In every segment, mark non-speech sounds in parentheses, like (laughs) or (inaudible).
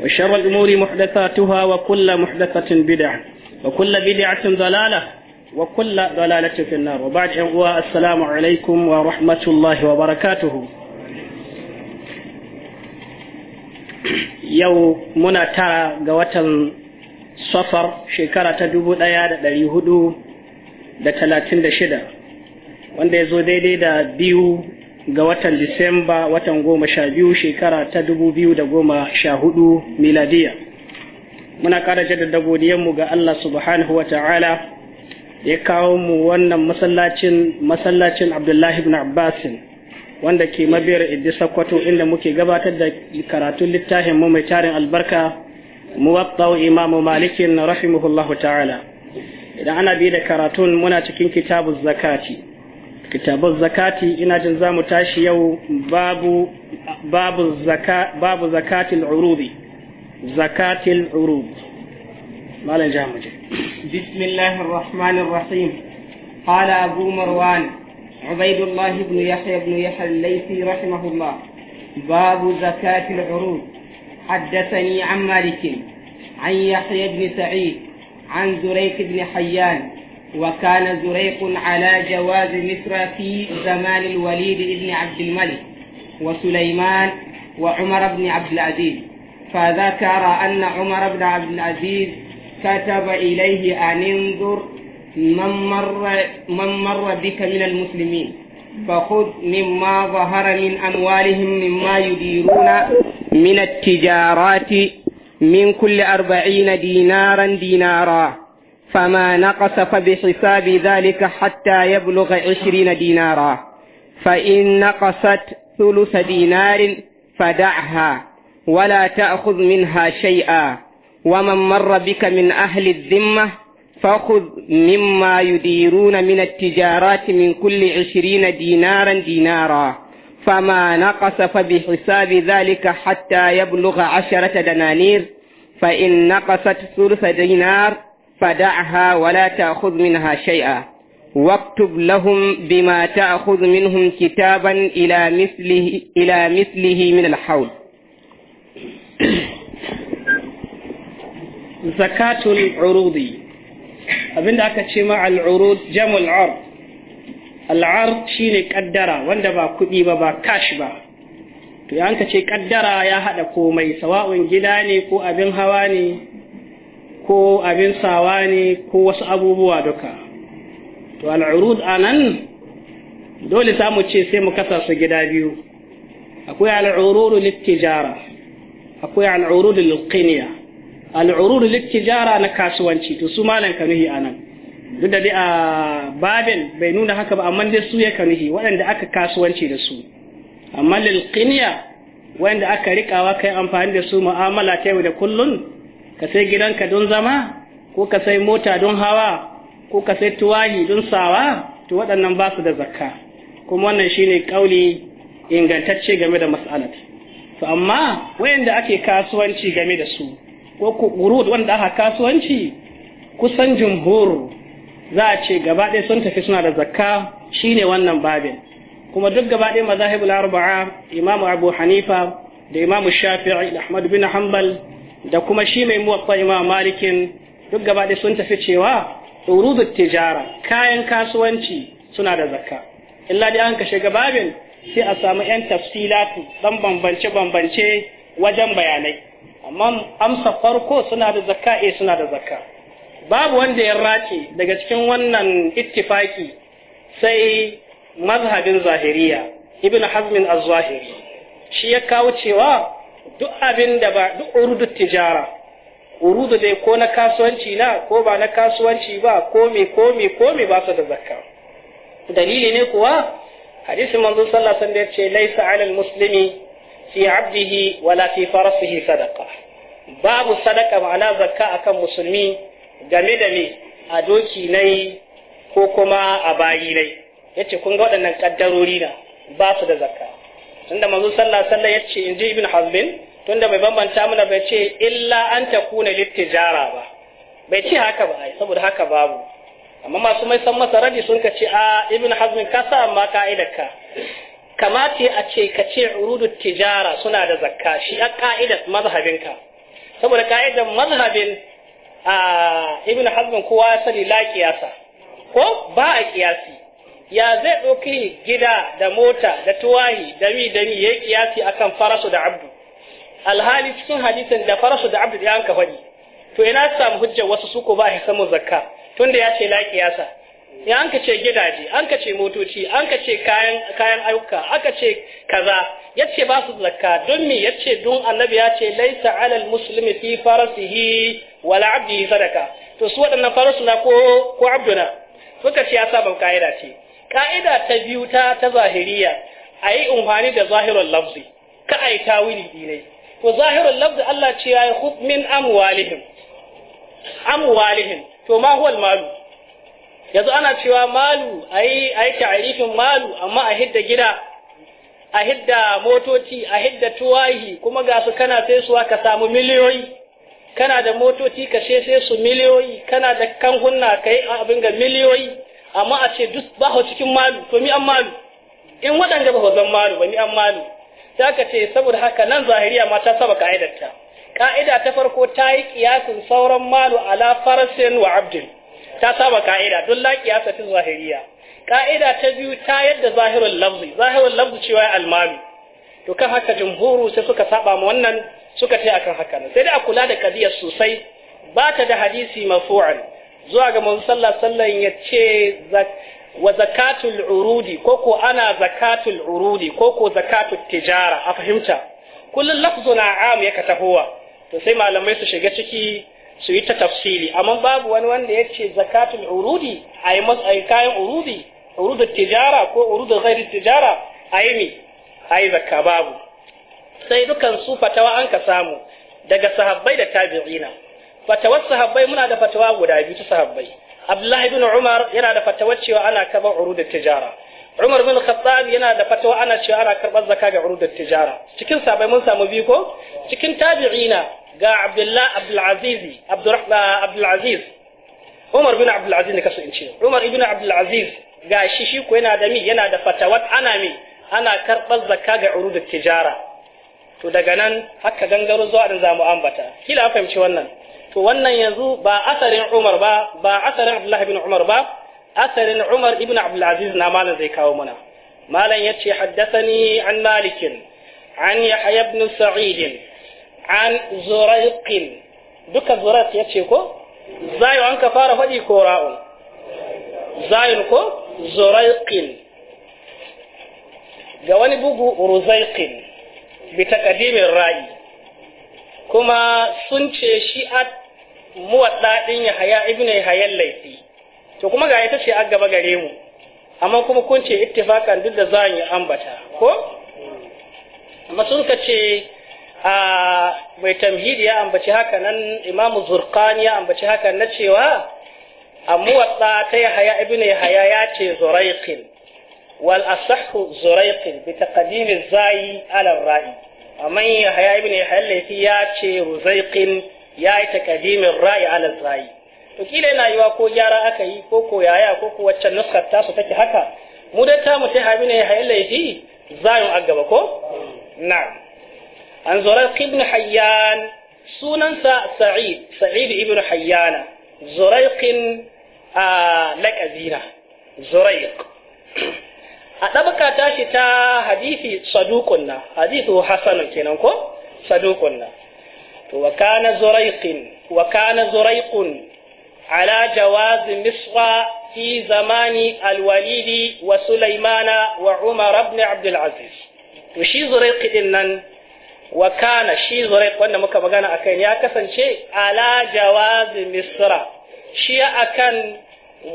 وشر الأمور محدثاتها وكل محدثة بدعة وكل بدعة ضلالة وكل ضلالة في النار وبعد السلام عليكم ورحمة الله وبركاته yau muna tara ga watan safar shekara ta dubu ɗaya da ɗari hudu da talatin da shida wanda ya zo daidai da biyu ga watan Disemba watan goma sha biyu shekara ta dubu biyu da goma sha hudu miladiya. Muna ƙara jaddada godiyanmu ga Allah subhanahu wa ta'ala ya kawo mu wannan masallacin masallacin Abdullahi ibn Abbasin wanda ke mabiyar idi Sokoto inda muke gabatar da karatun littafin mu mai tarin albarka muwattau imamu malikin rahimahullahu ta'ala. Idan ana bi da karatun muna cikin kitabu zakati. kitabar zakati ina jin za mu tashi yau babu babu zaka babu zakatil urudi zakatil urud malam jamuje bismillahir rahmanir rahim qala abu marwan عبيد الله بن يحيى بن يحيى الليثي رحمه الله باب زكاة العروض حدثني عن مالك عن يحيى بن سعيد عن زريك بن حيان وكان زريق على جواز مصر في زمان الوليد بن عبد الملك وسليمان وعمر بن عبد العزيز فذكر أن عمر بن عبد العزيز كتب إليه أن انظر من مر, من مر بك من المسلمين فخذ مما ظهر من أموالهم مما يديرون من التجارات من كل أربعين دينارا دينارا فما نقص فبحساب ذلك حتى يبلغ عشرين دينارا فإن نقصت ثلث دينار فدعها ولا تأخذ منها شيئا ومن مر بك من أهل الذمة فخذ مما يديرون من التجارات من كل عشرين دينارا دينارا فما نقص فبحساب ذلك حتى يبلغ عشرة دنانير فإن نقصت ثلث دينار فدعها ولا تأخذ منها شيئا واكتب لهم بما تأخذ منهم كتابا إلى مثله, إلى مثله من الحول zakatul urudi abinda aka ce ma al'urud jamul ar al'ar shine kaddara wanda ba kuɗi ba ba ba to ya ce kaddara ya haɗa komai sawa'un gida ne ko abin hawa ne ko abin sawa ne ko wasu abubuwa duka to al'urud nan, dole ta mu ce sai mu kasa su gida biyu akwai al'ururu littijara akwai al'ururu lilqiniya al'ururu littijara na kasuwanci to su nuhi a nan. duk da dai a babin bai nuna haka ba amma dai su ya kanuhi waɗanda aka kasuwanci da su amma lilqiniya waɗanda aka rikawa kai amfani da su mu'amala ta yau da kullun ka sai gidanka don zama ko ka sai mota don hawa ko ka sai tuwahi don sawa to waɗannan ba su da zakka kuma wannan shine kauli ingantacce game da mas'alat to amma wayanda ake kasuwanci game da su ko kurud wanda aka kasuwanci kusan jumhur za a ce gaba ɗaya sun tafi suna da zakka shine wannan babin kuma duk gaba ɗaya mazahibul arba'a imamu abu hanifa da imamu shafi'i da ahmad bin hanbal da kuma shi mai muwaffa imam malikin duk gaba da sun tafi cewa urudu tijara kayan kasuwanci suna da zakka illa dai an kashe gababin sai a samu yan tafsilatu dan bambance bambance wajen bayanai amma amsa farko suna da zakka eh suna da zakka babu wanda ya race daga cikin wannan ittifaki sai mazhabin zahiriya ibn hazmin az-zahiri shi ya kawo cewa duk abin da ba duk urudu tijara urudu dai ko na kasuwanci na ko ba na kasuwanci ba ko me ko me ko me ba su da zakka dalili ne kuwa hadisin manzo sallallahu alaihi wasallam ce laisa alal muslimi fi abdihi wala fi farasihi sadaqa babu sadaka ma'ana zakka akan musulmi game da me a doki nai ko kuma a bayi nai yace kun ga waɗannan kaddarori na ba su da zakka tunda manzo sallallahu alaihi wasallam yace inji ibn hazbin tunda bai bambanta mana bai ce illa an ta takuna littijara ba bai ce haka ba ai saboda haka babu amma masu mai san masa radi sun ka ce a ibn hazbin ka sa amma ka'idarka kamata a ce ka ce urudut tijara suna da zakka shi a ka'idar ka saboda ka'idar mazhabin a ibn hazbin kowa ya sani la kiyasa ko ba a kiyasi ya zai ɗauki gida da mota da tuwahi da mi da mi ya yi kiyasi akan farasu da abdu alhali cikin hadisin da farasu da abdu ya yanka faɗi to ina samu hujjar wasu su ko ba a samu zakka tunda ya ce la kiyasa ya an ce gidaje an ka ce motoci an ka ce kayan kayan ayyuka aka ce kaza ya ce ba su zakka don mi ya ce don annabi ya ce laisa alal muslimi fi farasihi wala abdihi sadaka to su waɗannan farasu na ko ko abduna suka ce ya saban ka'ida ce ka'ida ta biyu ta ta zahiriya a yi umfani da zahirar lafzi ka a yi ta wuri dinai to zahirar lafzi Allah ce ya yi khud min amwalihim to ma huwal malu yanzu ana cewa malu ayi yi ta'arifin malu amma a hidda gida a hidda motoci a hidda tuwahi kuma ga su kana sai suwa ka samu miliyoyi kana da motoci ka sai su miliyoyi kana da kan kanhunna yi abin ga miliyoyi amma a ce duk ba cikin malu to mi an malu in waɗanda ba zan malu ba mi an malu za ka ce saboda haka nan zahiriya ma ta saba ka'idarta ka'ida ta farko ta yi kiyasin sauran malu ala farasin wa abdul ta saba ka'ida don la kiyasa ta zahiriya ka'ida ta biyu ta yadda zahirul lafzi zahirul lafzi cewa ya almalu to kan haka jumhuru sai suka saba ma wannan suka ce akan haka sai dai a kula da kadiyar sosai ba ta da hadisi marfu'an zuwa ga manzo sallallahu alaihi ya ce wa zakatul urudi koko ana zakatul urudi koko zakatul tijara a fahimta kullun na am yaka tahowa to sai malamai su shiga ciki su yi ta tafsili amma babu wani wanda ya ce zakatul urudi a yi kayan urudi Urudu tijara ko urudar zai tijara a yi mi a yi zakka babu sai dukan su fatawa an ka samu daga sahabbai da tabi'ina fatawar sahabbai muna da fatawa guda biyu ta sahabbai abdullahi ibn umar yana da fatawar cewa ana karɓar urudar tijara umar bin khattab yana da fatawa ana cewa ana karɓar zakka ga urudar tijara cikin sahabbai mun samu biyu ko cikin tabi'ina ga abdullahi abdul aziz abdul aziz umar bin abdul aziz ne kasu in ce umar ibn abdul aziz ga shi shi ko yana da mi yana da fatawat ana mi ana karɓar zakka ga urudar tijara to daga nan haka gangaro zuwa da zamu ambata kila fahimci wannan to wannan yanzu ba asarin Umar ba ba asarin Abdullah ibn Umar ba asarin Umar ibn Abdul Aziz na malam zai kawo mana malam yace haddathani an Malik an Yahya ibn Sa'id an Zuraiq duka Zuraiq yace ko zayu an ka fara faɗi ko ra'un zayun ko Zuraiq ga wani bugu Ruzaiq bi taqdimir ra'i kuma sun ce shi a muwadda din Yahya ibn Yahya hayan laifi to kuma ga ita ce a gaba gare mu amma kuma kun ce ittifaqan duk da zan yi ambata ko amma sun ka ce a mai tamhidi ya ambaci haka nan Imam Zurqani ya ambaci haka na cewa a muwadda ta Yahya ibn Yahya ya ce Zuraiqin wal asahhu Zuraiqin bi taqdim az-zai ala ar-ra'i amma Yahya ibn Yahya al ya ce Ruzaiqin ya yi takadimin ra'i ala ra'i to kila yana yiwa ko gyara aka yi ko ko yaya ko ko waccan nuskar ta su take haka mu dai ta mu ta habi ne hayalla laifi zayin agaba ko na an zora ibn hayyan sunansa sa'id sa'id ibn hayyana zuraiqin a laqabina zuraiq a ɗabaka shi ta hadisi sadukunna hadithu hasanun kenan ko sadukunna to wa kana ala jawaz misra fi zamani alwalidi wa sulaimana wa umar ibn abdul aziz to nan wa shi zuraiq wanda muka magana akai ya kasance ala jawaz misra shi akan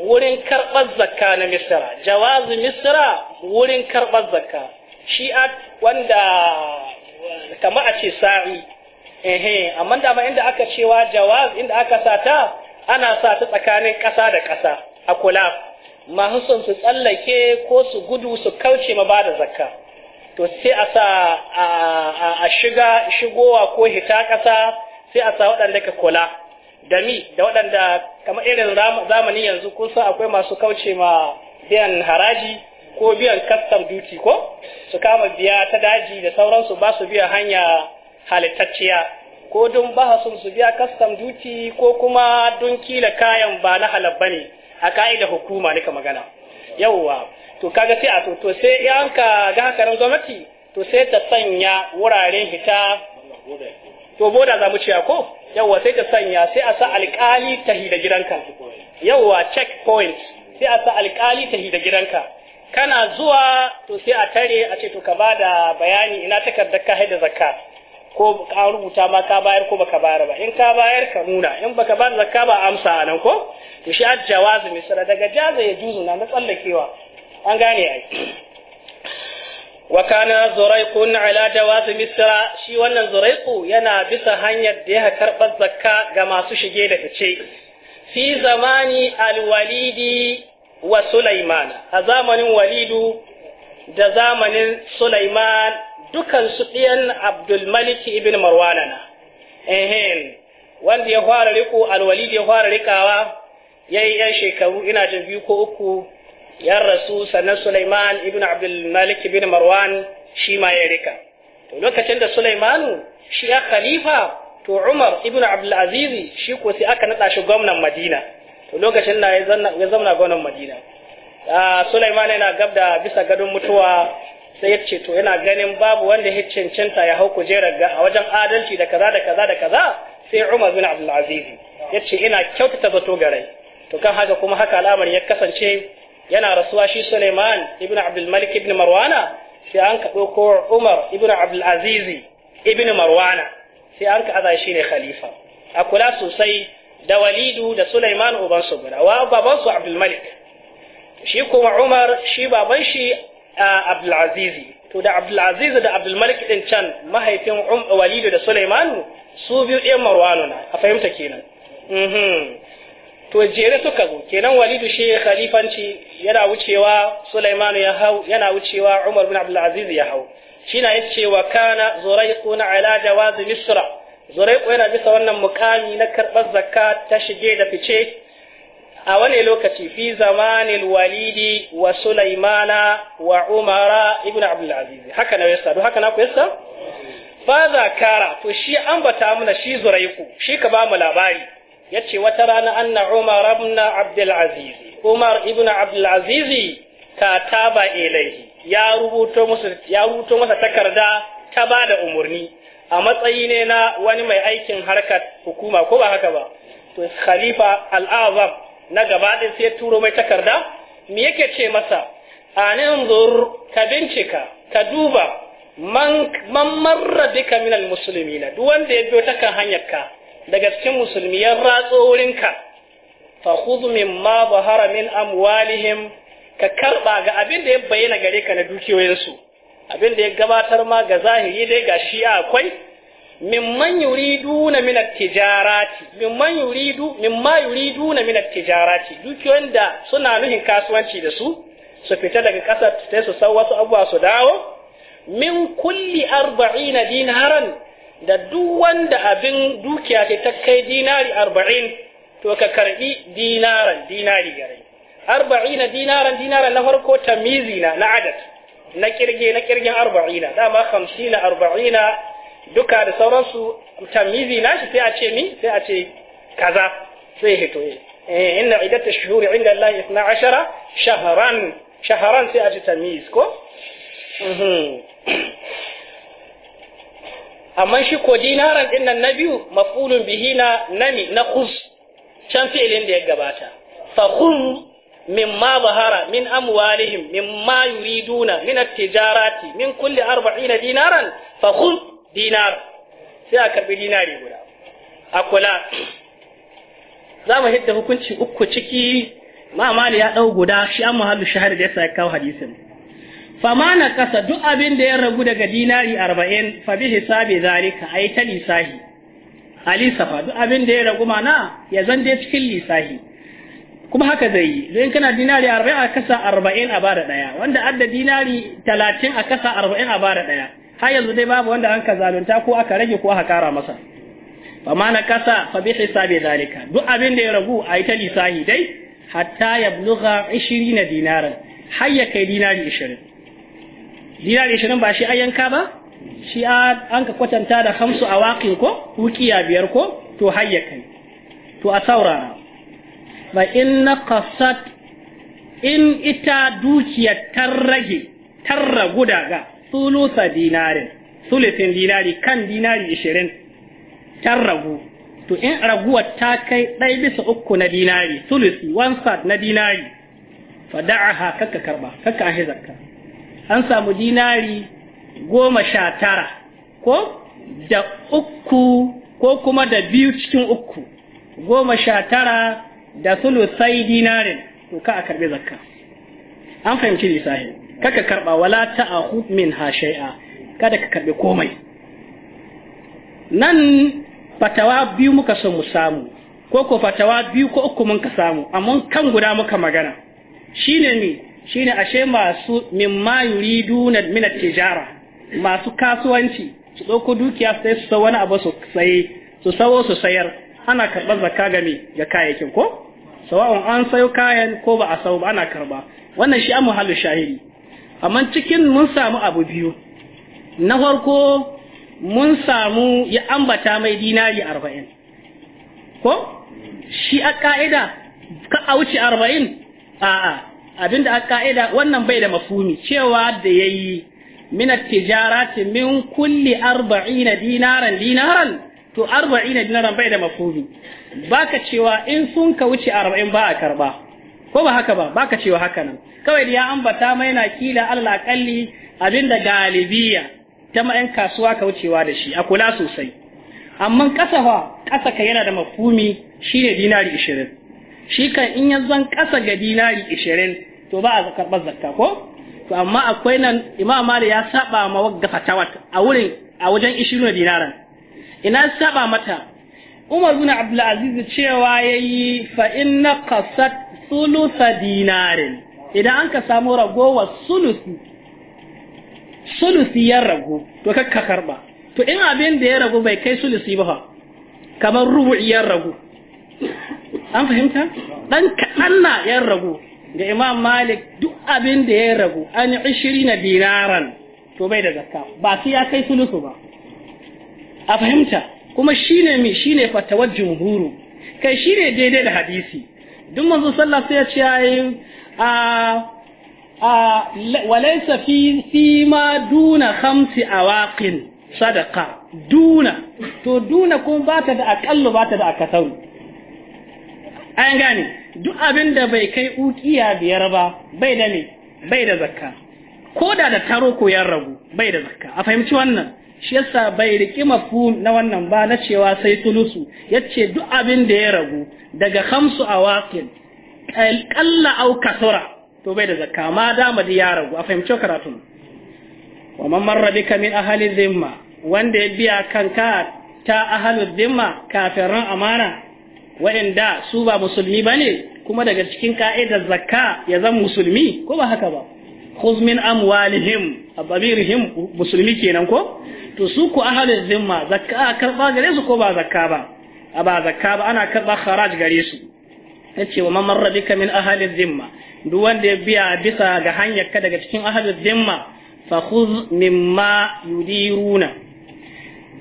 wurin karɓar zakka na misra jawaz misra wurin karɓar zakka shi wanda kama a sa'i ehe amma dama inda aka cewa jawaz inda aka sata ana sa ta tsakanin ƙasa da ƙasa a kula masu su tsallake ko su gudu su kauce ma ba da zakka to sai a sa a shiga shigowa ko hita ƙasa sai a sa waɗanda ka kula da mi da waɗanda kamar irin zamani yanzu kun san akwai masu kauce ma biyan haraji ko biyan custom duty ko su kama biya ta daji da sauransu ba su biya hanya halittacciya ko don ba sun su biya custom duty ko kuma don kila kayan ba na halal bane a ka'ida hukuma nika magana yawwa to kaga sai a to to sai ya ka ga haka ran gwamnati to sai ta sanya wuraren hita to boda za mu ciya ko yawwa sai ta sanya sai a sa alƙali ta hida gidanka yawwa checkpoint sai a sa alƙali ta hida gidanka kana zuwa to sai a tare a ce to ka bada bayani ina takardar ka haida zakka ko ka rubuta ma ka bayar ko baka bayar ba in ka bayar ka nuna in baka bayar zakka ba amsa anan ko to shi at jawazi misra daga jaza ya juzu na na tsallakewa an gane ai wa kana zuraiqun ala jawazi misra shi wannan zuraiqu yana bisa hanyar da ya karbar zakka ga masu shige da fice fi zamani alwalidi wa Sulaiman a zamanin walidu da zamanin Sulaiman Dukansu su ɗiyan abdulmalik ibn marwana na ehen wanda ya fara riko alwali ya fara rikawa ya yi yan shekaru ina jin biyu ko uku ya rasu sannan suleiman ibn abdulmalik ibn marwan shi ma ya rika to lokacin da suleimanu shi ya khalifa to umar ibn abdulaziz shi ko sai aka nada shi gwamnan madina to lokacin da ya zauna gwamnan madina ah, suleiman yana gab da bisa gadon mutuwa sai ya ce to yana ganin babu wanda ya cancanta ya hau kujerar ga a wajen adalci da kaza da kaza da kaza sai Umar bin Abdul ya ce ina kyautata zato garai to kan haka kuma haka al'amari ya kasance yana rasuwa shi Suleiman ibn Abdul ibn Marwana sai an ka ɗauko Umar ibn Abdul ibn Marwana sai an ka aza shi ne khalifa a kula sosai da Walidu da Suleiman uban su guda wa baban su shi kuma Umar shi baban shi Abdulaziz to da Abdulaziz da Abdulmalik din can mahaifin um, Walidu da Suleiman su biyu ɗin Marwanu na a fahimta kenan mhm. to jere suka zo kenan Walidu shi khalifanci yana wucewa Suleiman ya hau yana wucewa Umar bin Abdulaziz ya hau na yace wa kana zuraiqun ala jawaz misra zuraiqu yana bisa wannan mukami na karɓar zakka ta shige da fice a wani lokaci fi zamanin walidi wa sulaimana wa umara ibn abdulaziz haka na yasa haka na ku fa zakara to shi ambata mana shi zuraiku shi ka ba mu labari yace wata rana anna umar ibn abdulaziz umar ibn abdulaziz ka taba ilaihi ya rubuto musu ya rubuto masa takarda ta bada umurni a matsayi ne na wani mai aikin harkar hukuma ko ba haka ba to khalifa al-azam na gaba din sai turo mai takarda me yake ce masa anin ka bincika ka duba man man marra bika min almuslimina duk wanda ya biyo ta kan ka. daga cikin musulmi ya ratso wurinka fa khudh ma bahara min amwalihim ka karɓa ga abin da ya bayyana gare ka na dukiyoyinsu abin da ya gabatar ma ga zahiri dai ga shi akwai mimman yuriduna min at-tijarati mimman yuridu mimma yuriduna min at-tijarati dukiyoyin da suna nuhin kasuwanci da su su fita daga kasar sai su san wasu abubuwa su dawo min kulli arba'ina dinaran da duk wanda abin dukiya ce ta kai dinari arba'in to ka karbi dinaran dinari gare arba'ina dinaran dinaran na farko tamizi na na adad na kirge na kirgen arba'ina dama hamsina arba'ina duka da sauransu tamizi nashi sai a ce mi sai a ce kaza sai hito eh inna iddatu shuhuri inda Allah 12 shahran shahran sai a ce tamiz ko mhm. amma shi ko dinaran din nan na biyu maf'ulun bihi na nami na kus can fi'ilin da ya gabata fa min mimma bahara min amwalihim mimma yuriduna min at-tijarati min kulli 40 dinaran fa dinar sai a karbi dinari guda a kula za mu hidda hukunci uku ciki mamali ya ɗau guda shi an muhallu shahar da ya sa kawo hadisin fama na kasa duk abin da ya ragu daga dinari arba'in fa bi hisabi zalika ai ta lisahi ali safa duk abin da ya ragu mana ya zan dai cikin lisahi kuma haka zai yi don kana dinari arba'in a kasa arba'in a bada ɗaya wanda adda dinari talatin a kasa arba'in a bada ɗaya har yanzu dai babu wanda an ka zalunta ko aka rage ko aka kara masa fa ma na kasa fa bi hisabi zalika duk abin da ya ragu a ita lisahi dai hatta bluga 20 dinaran har ya kai dinari 20 dinari 20 ba shi ayyanka ba shi an ka kwatanta da hamsu a waƙi ko wukiya biyar ko to har ya kai to a saurara ba in na kasat in ita dukiyar tarrage tarragu daga sulusa dinarin sulusin dinari kan dinari ishirin can ragu to in raguwar ta kai ɗaya bisa uku na dinari sulusi one na dinari fa da'aha kakka karba kakka an zakka an samu dinari goma sha tara ko da uku ko kuma da biyu cikin uku goma sha tara da sulusai dinarin to ka a karbi zakka an fahimci lissahin kaka karba wala min ha shay'a kada ka karbi komai nan fatawa biyu muka so mu samu ko ko fatawa biyu ko uku mun ka samu amma kan guda muka magana shine mi shine ashe masu yuridu na min tijara masu kasuwanci su dauko dukiya sai su wani abu su sai su sawo su sayar ana karɓar zakka ga me ga kayayyakin ko sawa'un an sayo kayan ko ba a sayo ba ana karba wannan shi an halu shahidi amma cikin mun samu abu biyu na farko mun samu ya ambata mai dinari arba'in ko shi a ka'ida ka a wuce arba'in a'a abinda a ka'ida wannan bai da mafumi cewa da ya yi minat tijarati min kulli na dinaran dinaran to na dinaran bai da mafumi baka cewa in sun ka wuce arba'in ba a karba ko ba haka ba baka cewa haka nan kawai da ya ambata mai na kila Allah kalli abinda galibiya ta 'yan kasuwa ka wucewa da shi a kula sosai amma kasa fa kasa ka yana da mafumi shine dinari 20 shi kan in yanzu kasa ga dinari 20 to ba a karɓar zakka ko to amma akwai nan imam mali ya saba ma wagga fatawat a wurin a wajen 20 dinaran ina saba mata Umar bin Abdul Aziz cewa yayi fa inna qasat sulusa dinarin idan an ka samu ragowar sulusi sulusi ya ragu to ka karba to in abin da ya ragu bai kai sulusi ba fa, kamar rubu'i ya ragu an fahimta dan kaɗan na ya ragu ga imam malik duk abin da ya ragu an ishiri na dinaran to bai da zakka ba su ya kai sulusu ba a fahimta kuma shine mi shine fatawar jumhuru kai shine daidai da hadisi duk manzo sallah sai ya ce a a walaysa fi fi ma duna khamsi awaqin sadaqa duna to duna ko ba ta da akallu ba ta da akasau an gane duk abin da bai kai ukiya biyar ba bai da ne bai da zakka ko da da taro ko yan ragu bai da zakka a fahimci wannan shi yasa bai riki mafu na wannan ba na cewa sai tulusu yace duk abin da ya ragu daga khamsu awaqil qalla aw kasura to bai da zakka ma dama da ya ragu a fahimci karatun wa man marra bika min ahli dhimma wanda ya biya kanka ta ahli dhimma kafirin amana wa'inda su ba musulmi bane kuma daga cikin ka'idar zakka ya zama musulmi ko ba haka ba khuz min amwalihim abamirihim musulmi kenan ko to su ku ahalin zimma zakka karba gare su ko ba zakka ba a ba zakka ba ana karba kharaj gare su yace wa man marra bika min ahalin zimma duk wanda ya biya bisa ga hanyar ka daga cikin ahalin zimma fa khuz mimma yudiruna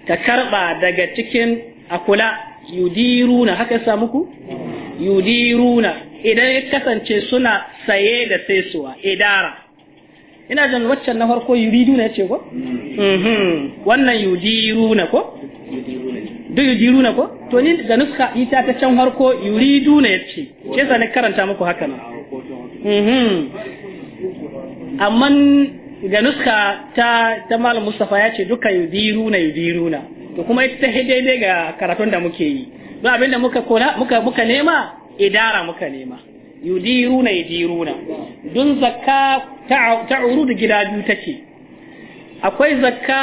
ka karba daga cikin akula yudiruna haka ya muku yudiruna idan ya kasance suna saye da saisuwa idara ina jin waccan na farko yuridu na yace ko mm-hmm. wannan na ko duk na ko to ni ga nuska ita ta can farko yuridu na yace ke sa ne karanta muku haka nan ah, mm-hmm. amma ga nuska ta ta malam Mustafa yace duka yudiruna na to kuma ita ta daidai ga karatun da muke yi ba abinda muka kula muka muka nema idara muka nema yudiruna yudiruna dun zakka ta urudu gida biyu take akwai zakka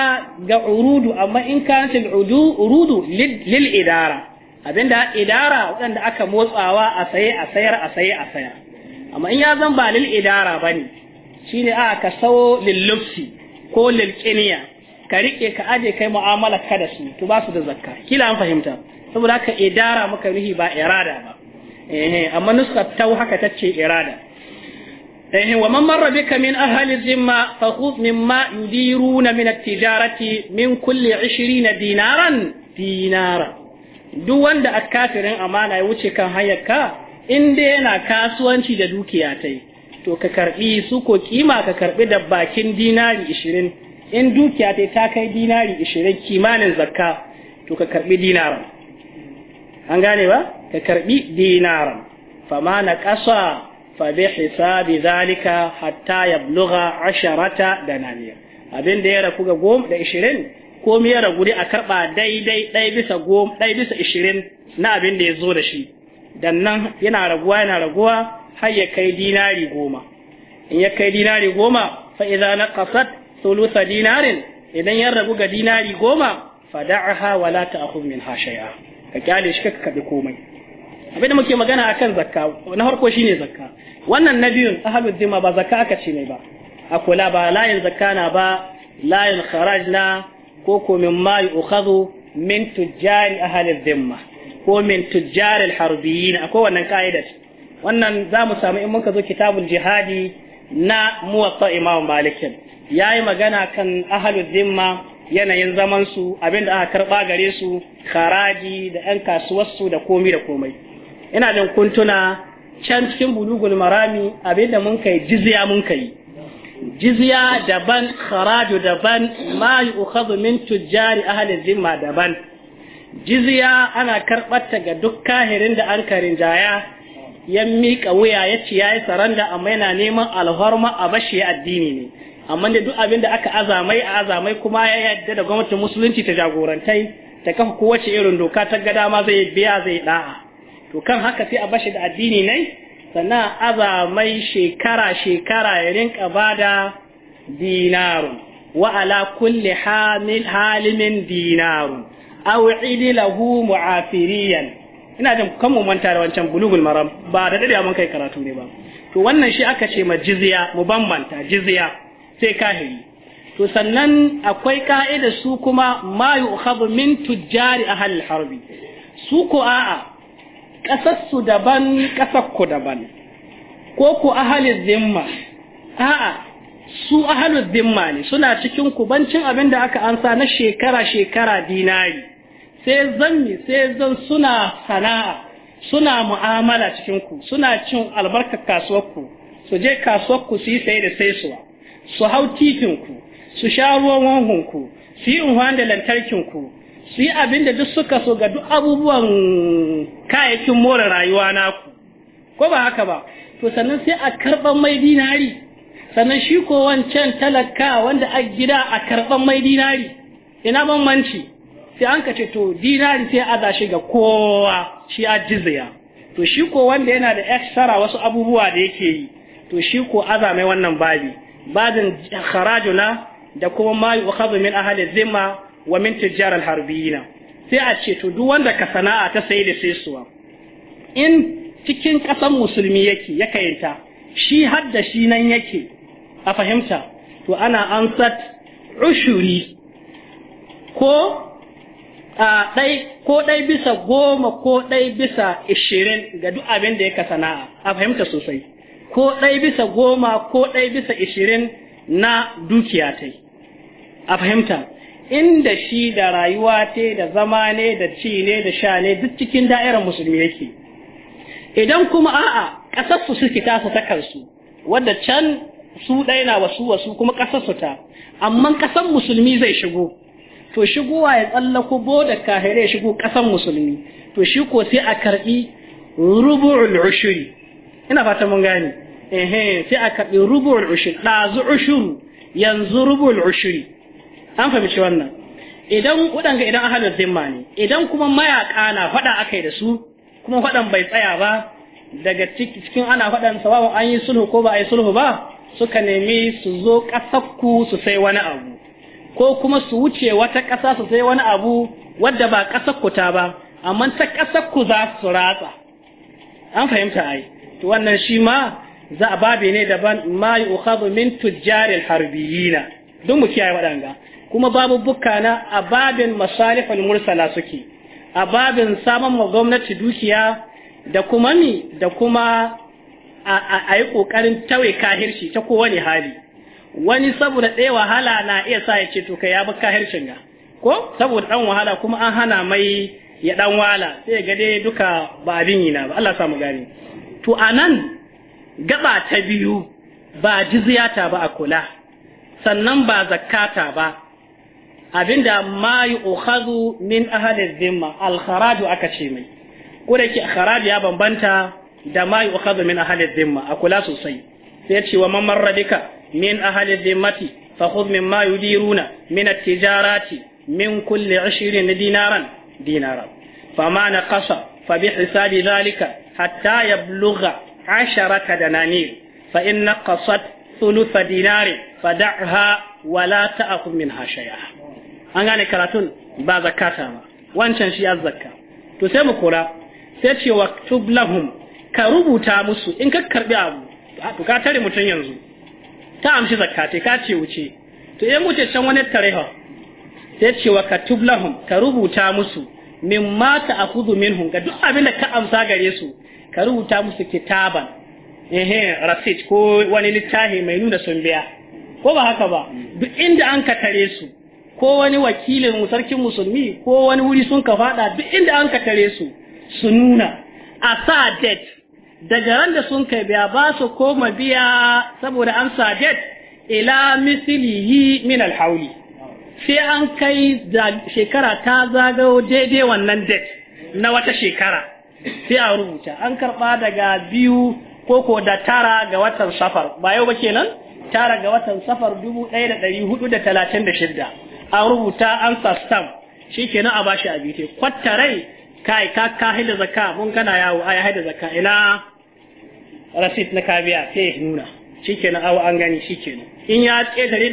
ga urudu amma in ka ce urudu lil idara abinda idara waɗanda aka motsawa a saye a sayar a saye a sayar amma in ya zan ba lil idara bane shine a ka sawo lil lufsi ko lil qiniya ka rike ka aje kai mu'amala ka da su to ba su da zakka kila an fahimta saboda haka idara muka rihi ba irada ba Eh, amma nuskar tau haka ce irada eh wa man marra bika min ahli zimma fa khudh mimma yudiruna min at-tijarati min kulli 20 dinaran dinara duk wanda akafirin amana ya wuce kan hayarka in dai yana kasuwanci da dukiya tai to ka karbi su ko kima ka karbi da bakin dinari 20 in dukiya tai ta kai dinari 20 kimanin zakka to ka karbi dinara an gane ba ka karbi dinaran fama na ƙasa fa bi hisabi zalika hatta yablugha asharata dananiyar abin da ya ragu ga goma da ishirin ko ya ragu a karba daidai ɗaya bisa goma ɗaya bisa ishirin na abin da ya zo da shi dan nan yana raguwa yana raguwa har ya kai dinari goma in ya kai dinari goma fa idza naqasat thulutha dinarin idan ya ragu ga dinari goma fada'aha wala ta'khudh minha shay'a ka kyale shi ka kaɗi komai abin da muke magana akan zakka na farko shine zakka wannan na biyun ahlud dima ba zakka aka ce mai ba a kula ba layin zakka na ba layin kharaj na ko ko min ma yu'khadhu min tujjari ahalin dhimma ko min tujjari al-harbiyyin akwai wannan ka'idar wannan za mu samu in muka zo kitabul jihadi na muwatta imam malikin yayi magana kan ahalin zimma. yanayin zaman su abin da aka karɓa gare su haraji da yan kasuwarsu, da komi da komai ina jin kuntuna can cikin bulugul marami abin da mun kai jizya mun kai jizya daban kharaju daban ma yu'khadhu min tujjari ahli zimma daban jizya ana karɓar ta ga duk kahirin da an karin jaya ya miƙa wuya ya ci yayi saranda amma yana neman alhorma a bashi addini ne amma da duk abin da aka azamai a azamai kuma ya yadda da gwamnatin musulunci ta jagorantai ta kafa kowace irin doka ta gada ma zai biya zai da'a to kan haka sai a bashi da addini ne sannan azamai shekara shekara ya rinka bada dinaru, wa ala kulli hamil halimin dinarun aw lahu mu'afiriyan ina jin kan mu manta da wancan bulugul maram ba da dade mun kai karatu ne ba to wannan shi aka ce ma jizya mu bambanta jizya sai kahiri to sannan akwai ka'ida su kuma ma yu'khadhu min tujjari ahli harbi su ko a'a kasar daban kasar daban ko ku ahli zimma a'a su ahli zimma ne suna cikin kubancin abin da aka ansa na shekara shekara dinari sai zanni sai zan suna sana'a suna mu'amala cikinku, suna cin albarkar kasuwarku, ku su je kasuwar su yi saye da saisuwa su hau titinku su sha ruwan wanhunku su yi unhuwan da lantarkinku su yi abin da duk suka so ga duk abubuwan kayakin more rayuwa naku ko ba haka ba to sannan sai a karɓar mai dinari sannan shi ko wancan talaka wanda a gida a karɓar mai dinari ina bambanci sai an ka ce to dinari sai a zashi ga kowa shi a jizya to shi ko wanda yana da extra wasu abubuwa da yake yi to shi ko aza mai wannan babi badin kharajuna da kuma ma yu'khadhu min ahli zimma wa min tijjar al-harbiyina sai a ce to duk wanda ka sana'a ta sai da suwa in cikin kasan musulmi yake ya kayanta shi har da shi nan yake a fahimta to ana ansat ushuri ko a ɗai ko ɗai bisa goma ko ɗai bisa ishirin ga duk abin da yake sana'a a fahimta sosai ko ɗai bisa goma ko ɗai bisa ishirin na dukiya ta yi. a fahimta inda shi da rayuwa ta da zama ne da ci ne da sha ne duk cikin da'irar musulmi yake idan kuma a'a ƙasarsu suke tasa ta kansu wadda can su ɗai na wasu wasu kuma ƙasarsu ta amma ƙasar musulmi zai shigo to shigowa ya tsallako boda kahire shigo ƙasar musulmi to shi ko sai a karɓi rubu'ul ushuri ina fata mun gani eh sai a karbi rubul ushur dazu ushur yanzu rubul ushur an fahimci wannan idan kudanga idan ahalul zimma ne idan kuma mayaka na fada akai da su kuma fadan bai tsaya ba daga cikin ana fadan sababu an yi sulhu ko ba a yi sulhu ba suka nemi su zo kasakku su sai wani abu ko kuma su wuce wata ƙasa su sai wani abu wadda ba ƙasar ku ta ba amma ta ƙasar ku za su ratsa an fahimta ai to wannan shi ma za a babe ne daban ma ukhadu min tujjaril harbiyina duk mu kiyaye wadanga kuma babu bukana a babin masalihul mursala suke a babin samun ma gwamnati dukiya da kuma mi da kuma a yi ƙoƙarin tawe kahirci ta kowane hali wani saboda ɗaya wahala na iya sa ya ce to kai ya bi kahircin ga ko saboda ɗan wahala kuma an hana mai ya ɗan wahala sai ya dai duka ba abin yi na ba Allah samu gani to anan gaba ta biyu ba jizyata ba a kula sannan ba zakata ba abinda ma yu'khadhu min ahli dhimma al aka ce mai ko ke kharaj ya bambanta da ma yu'khadhu min ahli dhimma a kula sosai sai cewa ce wa man marradika min ahli dhimmati fa min mimma diruna min at-tijarati min ashirin na dinaran dinaran fa نقص فبحساب zalika. hatta yablugha asharata dananir fa in naqasat thuluth dinari fad'ha wa la ta'khudh minha shay'a an gane karatun ba zakata ba wancan shi azzaka to sai mu kula sai ce waktub lahum ka rubuta musu in ka karbi abu to ka tare mutun yanzu ta amshi zakate ka ce wuce to in wuce can wani tareha sai ce wa katub lahum ka rubuta musu min ma ta kudu min ga duk abin da ka amsa gare su ka rubuta musu kitaban ehe rasit ko wani littafi mai nuna sun biya ko ba haka ba duk inda an ka tare su ko wani wakilin sarkin musulmi ko wani wuri sun ka fada duk inda an ka tare su su nuna a sa det daga ran da sun kai biya ba su koma biya saboda an sa det ila mislihi min alhauli sai an kai shekara ta zagayo daidai wannan date na wata shekara sai a rubuta an karba daga biyu ko da tara ga watan safar ba yau ba kenan tara ga watan safar 1436 an rubuta an shi ke shikenan a bashi abite kwattarai kai ka ka haida zaka mun gana yawo ai haida zaka ina rasit na kabiya sai ya nuna shikenan awo an gani shi shikenan in ya ƙetare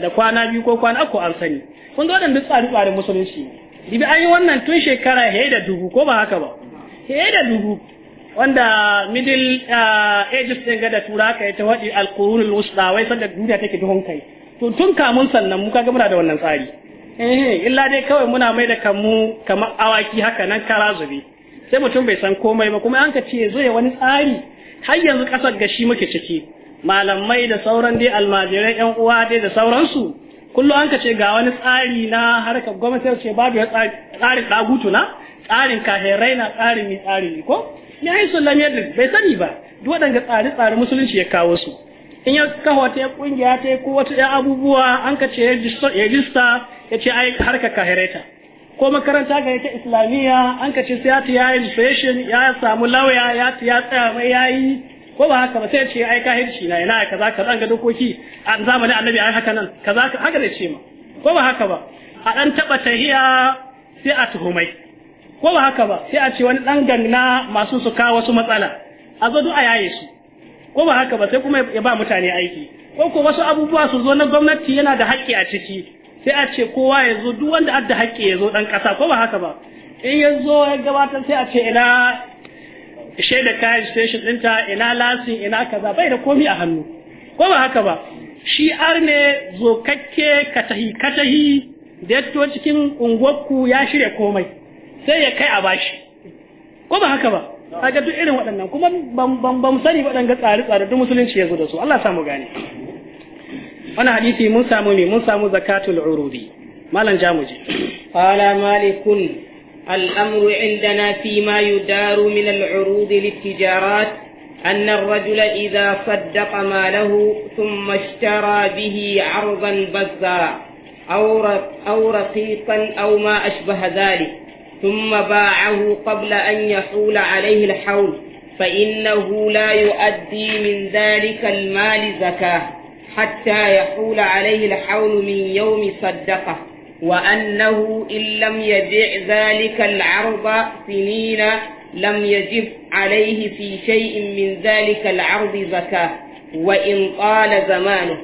da kwana biyu ko kwana uku an sani kun zo duk tsari tsarin musulunci dibi an yi wannan tun shekara ya da dubu ko ba haka ba ya da dubu wanda middle eh, ages din ga da tura ka ta wadi al-qurunul wusta wai sanda duniya take duhun kai to tun kamun sannan mu ga muna da wannan tsari eh illa dai kawai muna mai da kanmu kamar awaki haka nan kara zube sai mutum bai san komai ba kuma an ka ce zo ya wani tsari har yanzu kasar gashi muke ciki malamai da sauran dai almajirai yan uwa dai da sauransu kullum an ka ce ga wani tsari na harkar gwamnati ce babu ya tsari dagutu na tsarin kahirai na tsarin mi tsari ne ko ya yi sulam yadda bai sani ba duk waɗanda tsari tsari musulunci ya kawo su in ya kawo ta kungiya ta ko wata ya abubuwa an ka ce ya jista ya ce ai harkar kahirai ta ko makaranta ga ita islamiyya an ka ce sai ya registration ya samu lauya ya tsaya mai yayi ko ba haka ba sai ce ai kahirci na yana kaza kaza ga dokoki a zamanin annabi ai haka nan kaza haka da ce ma ko ba haka ba a dan taba tahiya sai a tuhumai ko ba haka ba sai a ce wani dan ganna masu su kawo wasu matsala a zo a yaye su ko ba haka ba sai kuma ya ba mutane aiki ko ko wasu abubuwa su zo na gwamnati yana da haƙƙi a ciki sai a ce kowa ya zo duk wanda adda haƙƙi ya zo dan ƙasa ko ba haka ba in ya zo ya gabatar sai a ce ina shaida kayan station ɗinta ina lasin ina kaza bai da komi a hannu ko ba haka ba shi ar ne zokakke katahi katahi da ya cikin unguwarku ya shirya komai sai ya kai a bashi ko ba haka ba kaga duk irin waɗannan kuma ban ban sani waɗanga tsare tsare duk musulunci ya zo da su Allah samu gane wannan hadisi mun samu ne mun samu zakatul urudi malam jamuji qala malikun الأمر عندنا فيما يدار من العروض للتجارات أن الرجل إذا صدق ماله ثم اشترى به عرضا بزا أو, أو رقيقا أو ما أشبه ذلك ثم باعه قبل أن يحول عليه الحول فإنه لا يؤدي من ذلك المال زكاة حتى يحول عليه الحول من يوم صدقه وأنه إن لم يبع ذلك العرض سنين لم يجب عليه في شيء من ذلك العرض زكاة وإن طال زمانه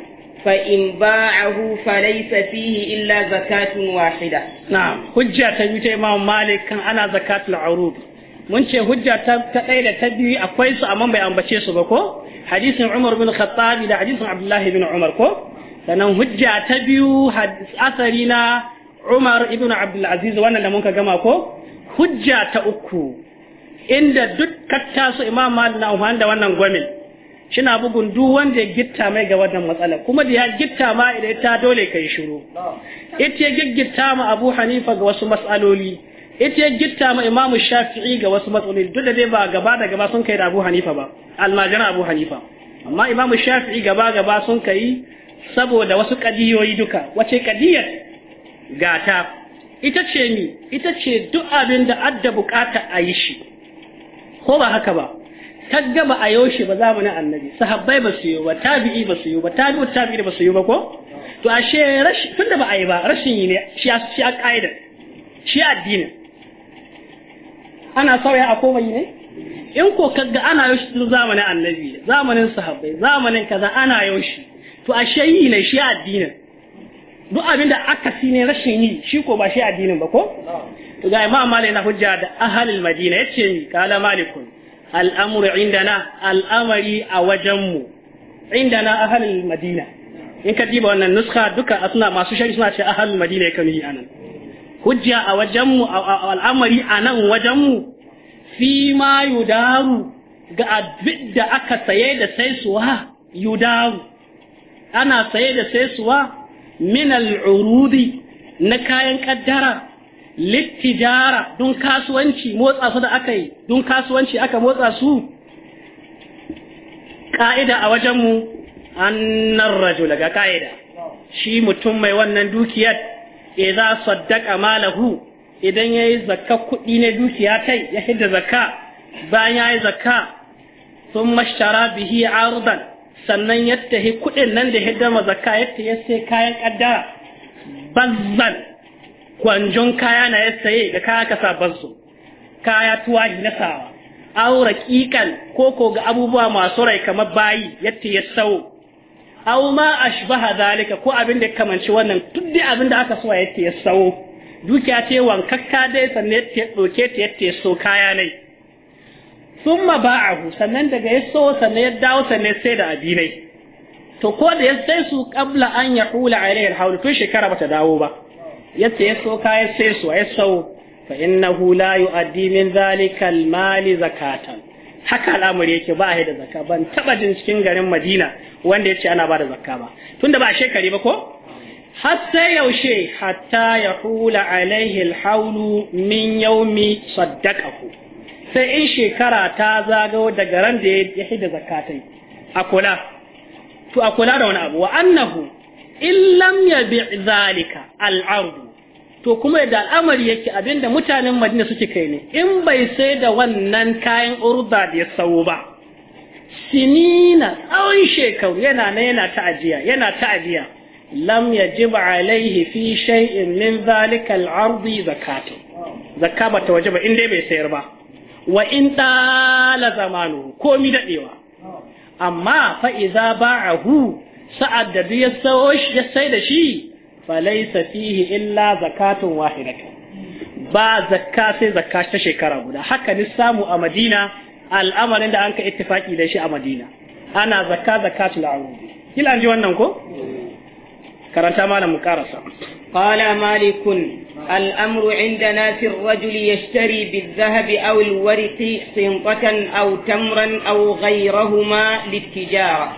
فإن باعه فليس فيه إلا زكاة واحدة نعم حجة يوتي إمام مالك كان أنا زكاة العروض mun ce hujja ta ɗaya da ta biyu akwai su amma bai ambace su ba ko hadisin Umar bin Khattab da sannan hujja ta biyu asari na Umar ibn Abdul Aziz wannan da ka gama ko hujja ta uku inda duk su Imam Malik na da wannan gwamnati shina bugun duk wanda ya gitta mai ga wannan matsala kuma da ya gitta ma idan ta dole kai shiru ita ya gitta ma Abu Hanifa ga wasu matsaloli ita ya gitta ma Imam Shafi'i ga wasu matsaloli duk da dai ba gaba da gaba sun kai da Abu Hanifa ba almajiran Abu Hanifa amma Imam Shafi'i gaba gaba sun kai saboda wasu ƙadiyoyi duka wace ƙadiyar gata ita ce ni ita ce duk abin da adda bukata a yi shi ko ba haka ba ta ba a yaushe ba zamanin annabi sahabbai ba su yi ba tabi'i ba su yi ba tabi'u tabi'i ba su yi ba ko to ashe rashin tunda ba a yi ba rashin yi ne shi a shi a kaida shi addini ana sauya a komai ne in ko kaga ana yau tun zamanin annabi zamanin sahabbai zamanin kaza ana yau shi. to ashe yi ne shi addinin duk abin da aka si ne rashin yi shi ko ba shi addinin ba ko to ga imam malik na hujja da ahlul madina yace ni kala malikun al'amru indana al'amari a wajen mu indana ahlul madina in ka diba wannan nuskha duka suna masu shari suna ce ahlul madina ya kanu anan hujja a wajen mu al'amari a nan wajen mu fi ma yudaru ga abin da aka saye da sai suwa yudaru ana saye da saisuwa min al'urudi na kayan kaddara littijara don kasuwanci motsa su da aka yi kasuwanci aka motsa su ka'ida a wajenmu annar rajula ga ka'ida shi mutum mai wannan dukiyar idza saddaka malahu idan yayi zakka kuɗi ne dukiya kai ya hidda zakka bayan yayi zakka sun mashara bihi ardan sannan ya tahi kuɗin nan da hidama zakka ya tahi sai kayan kaddara bazan kwanjon kaya na ya saye da kaya ka saban su kaya tuwahi na sawa aura kikan ko ga abubuwa masu rai kamar bayi yadda ya sau aw ma ashbaha zalika ko abin da kamanci wannan duk da abin da aka so yadda ya sau dukiya ce wankakka dai sannan yadda ya ɗauke ta yadda ya so kaya ne sun ma a sannan daga ya so sannan ya dawo sannan sai da abinai to ko da ya sai su kabla an ya hula a yanayin haulu tun shekara bata dawo ba yadda ya so ya sai su ya so fa innahu la yu'addi min zalikal mali zakatan haka al'amari yake ba a da zakka ban taba jin cikin garin Madina wanda ya ce ana ba da zakka ba tunda ba a shekari ba ko hatta yaushe hatta ya hula alaihi alhaulu min yaumi saddaqahu sai in shekara ta zagawo daga ran da ya hida zakatai a kula to a kula da wani abu wa annahu in yabi zalika al'ard to kuma da al'amari yake abinda mutanen Madina suke kai ne in bai sai da wannan kayan urda da ya sau ba sinina tsawon shekaru yana na yana ajiya yana ta'ajiya lam yajib alaihi fi shay'in min zalika al'ard zakatu zakka bata wajiba in dai bai sayar ba wa in ɗala zamanu komi daɗewa amma fa'iza ba'ahu sa'ad da ya ya sai da shi falaisa fihi illa zakatun wahidatu ba zakka sai zakka ta shekara guda haka ni samu a madina al'amarin da an ka ittifaki da shi a madina ana zakka zakatul arubi kila ji wannan ko karanta مكارسة قال مالك الأمر عندنا في الرجل يشتري بالذهب أو الورق صنطة أو تمرا أو غيرهما للتجارة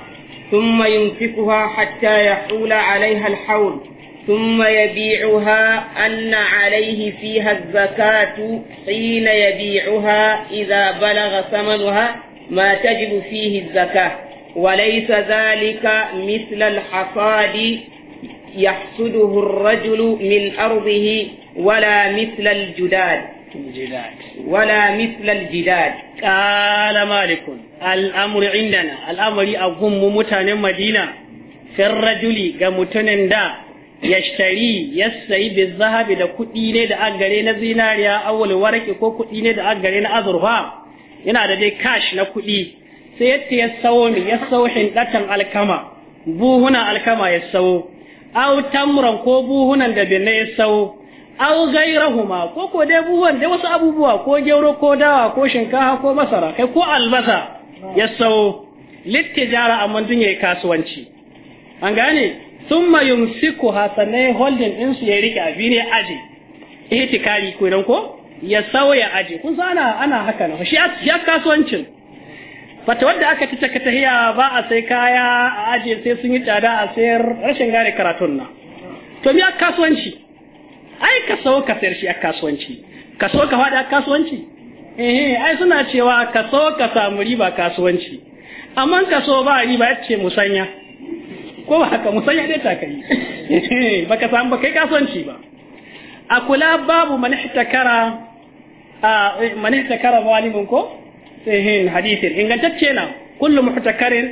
ثم يمسكها حتى يحول عليها الحول ثم يبيعها أن عليه فيها الزكاة حين يبيعها إذا بلغ ثمنها ما تجب فيه الزكاة وليس ذلك مثل الحصاد يحصده الرجل من أرضه ولا مثل الجداد الجداد ولا مثل الجداد قال مالك الأمر عندنا الأمر أقوم متن مدينة في الرجل كمتن دا yashtari yasayi bi zahabi da kuɗi ne da agare na zinariya awal warake ko kuɗi ne da agare na azurfa yana da dai cash na kuɗi sai yadda ya sawo ya sawo hindatan alkama buhuna alkama ya sawo aw tamran ko buhunan da binne ya sau aw gairahuma ko ko dai buhuwan dai wasu abubuwa ko gero ko dawa ko shinkafa ko masara kai ko albasa ya sau littijara amma dun yayi kasuwanci an gane thumma yumsiku hasane holding din su ya rike bi ne aje itikari ko idan ko ya ya aje kun ana ana haka ne shi ya kasuwancin fata wadda aka ci taka tahiya ba a sai kaya a ajiye sai sun yi tsada a sayar rashin gane karatun na to mi kasuwanci ai ka so ka sayar shi a kasuwanci ka so ka faɗi a kasuwanci eh ai suna cewa ka so ka samu riba kasuwanci amma ka so ba riba ya ce musanya ko ba haka musanya dai ta kai (laughs) baka samu ba kai kasuwanci ba a kula babu man ihtakara eh, man ihtakara zalimin ko sahihin hadithin ingantacce na kullu muhtakarin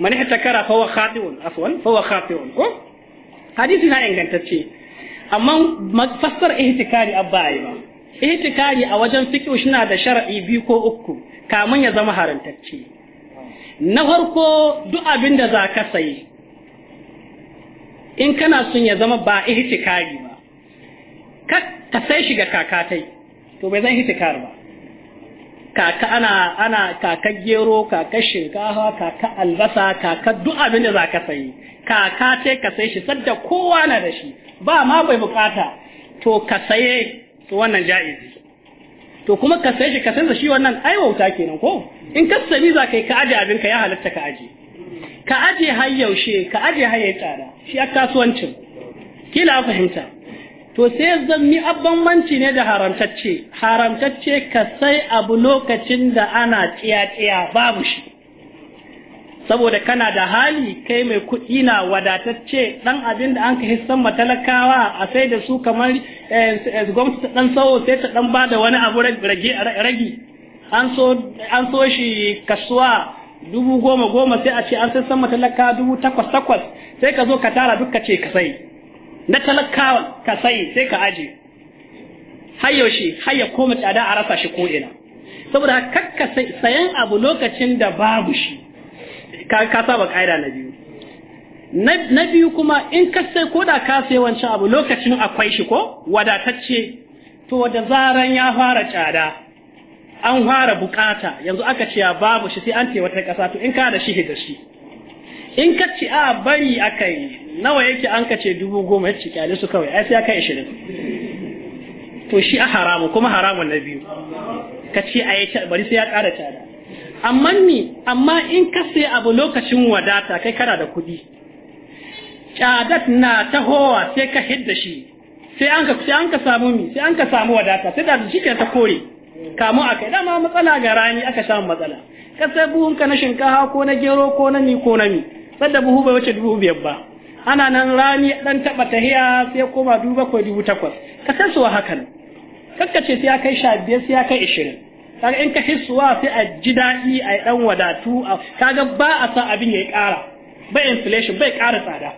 man ihtakara fa huwa khati'un afwan fa khati'un ko hadisi na ingantacce amma fassar ihtikari abba ayi ba ihtikari a wajen fiqh shina da shar'i biyu ko uku kamun ya zama harantacce na farko duk abin da za ka sayi in kana sun ya zama ba ihtikari ba ka sai shiga kakatai to bai zan ihtikar ba kaka ana ana kaka gero kaka shinkafa kaka albasa kaka duk abin da zaka sayi kaka sai ka sai shi sadda kowa na da shi ba ma bai bukata to ka saye to wannan ja'izi to kuma ka saye shi ka shi wannan ai kenan ko in ka sami za kai ka aje abin ka ya halatta ka aje ka aje har yaushe ka aje har yayi tsada shi a kasuwancin kila fahimta to sai zammi abbanbanci ne da haramtacce haramtacce ka sai abu lokacin da ana tsiya-tsiya babu shi saboda kana da hali kai mai kuɗi na wadatacce ɗan abin da an ka hissan matalakawa a sai da su kamar eh, eh, gwamnati ta ɗan sawo sai ta ɗan ba da wani abu ragi an so shi kasuwa dubu goma goma sai a ce an sai san matalaka dubu takwas takwas sai ka zo ka tara duk ka ce ka sai na talakawa ka sai sai ka aje har yaushe har ya koma tsada a rasa shi ko ina saboda kakka sayan abu lokacin da babu shi ka saba ƙa'ida na biyu na biyu kuma in ka sai ko da ka sai wancan abu lokacin akwai shi ko wadatacce to da zaran ya fara tsada an fara bukata yanzu aka ce babu shi sai an ce wata ƙasa to in ka da shi da shi in ka ci a bari aka yi nawa yake an kace dubu goma ya ci kyale su kawai ai sai kai ishirin to shi a haramu kuma haramun na biyu ka ce a yi bari sai ya ƙara tsada amma ni amma in ka sai abu lokacin wadata kai kana da kuɗi tsadat na tahowa sai ka hidda shi sai an ka sai an ka samu mi sai an ka samu wadata sai da shi ta kore kamu a kai dama matsala ga rani aka samu matsala ka sai buhunka na shinkafa ko na gero ko na mi ko na mi Sanda buhu bai wace dubu biyar ba ana nan rani dan taba tahiya sai koma dubu bakwai dubu takwas ka san suwa hakan kakkace sai ya kai sha biyar sai ya kai ishirin kaga in ka hisuwa sai a ji daɗi a yi ɗan wadatu kaga ba a sa abin ya yi ƙara Bai inflation bai ƙara tsada